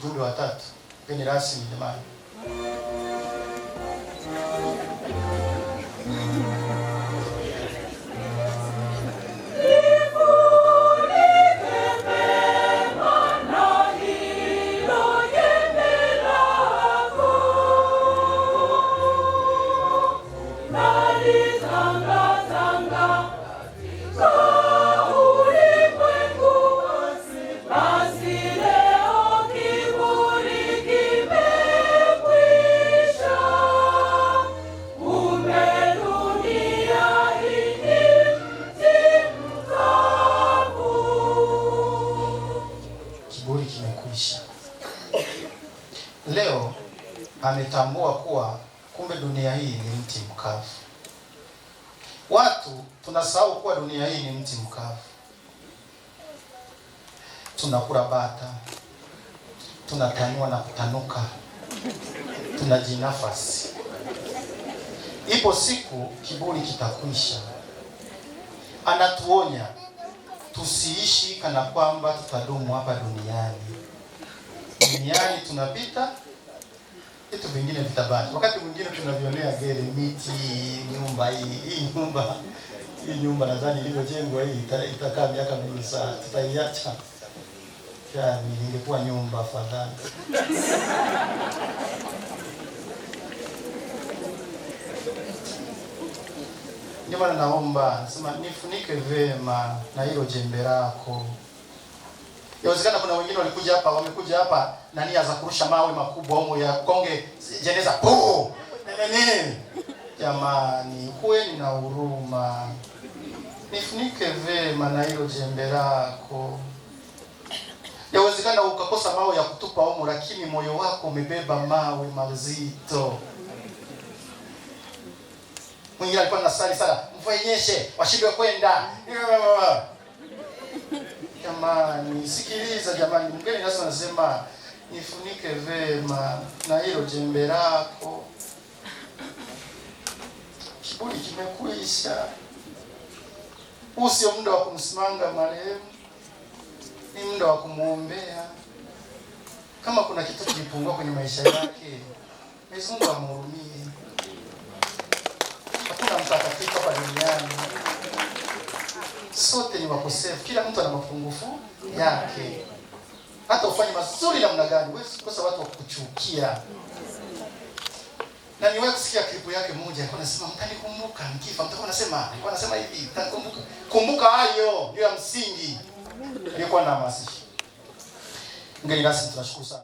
Jumbe watatu, mgeni rasmi jamani. Leo ametambua kuwa kumbe dunia hii ni mti mkavu. Watu tunasahau kuwa dunia hii ni mti mkavu. Tunakula bata, tunatanua na kutanuka, tunajinafasi. Ipo siku kiburi kitakwisha. Anatuonya tusiishi kana kwamba tutadumu hapa duniani. Duniani tunapita vitu vingine vitabaki. Wakati mwingine tunavionea gere, miti, nyumba hii hii nyumba hii nyumba nadhani ilivyojengwa hii itakaa miaka mingi sana, tutaiacha yani, ingekuwa nyumba afadhali. Ndio maana naomba nifunike vema na hilo jembe lako. Inawezekana kuna wengine walikuja hapa, wamekuja hapa na nia za kurusha mawe makubwa au ya konge jeneza po Jamani, kuweni na huruma, nifunike vema na hilo jembe lako. Yawezekana ukakosa mawe ya kutupa humo, lakini moyo wako umebeba mawe mazito. Mwingine alikuwa anasali sana, mfanyeshe washindwe kwenda Jamani, sikiliza jamani, mgeni sasa anasema nifunike vema na hilo jembe lako, kiburi kimekuisha. Huu sio muda wa kumsimanga marehemu, ni muda wa kumwombea. Kama kuna kitu kilipungua kwenye maisha yake, Mwenyezi Mungu amhurumie. Hakuna mtakatifu hapa duniani sote ni wakosefu, kila mtu ana mapungufu yake. Hata ufanye mazuri namna gani, huwezi kukosa watu wakuchukia na ni wewe kusikia klipu yake moja, alikuwa anasema mtanikumbuka nikifa, mtakuwa nasema alikuwa anasema hivi, mtanikumbuka. Kumbuka hayo ndio ya msingi, ndio kwa na hamasisha. Mgeni rasmi tunashukuru sana.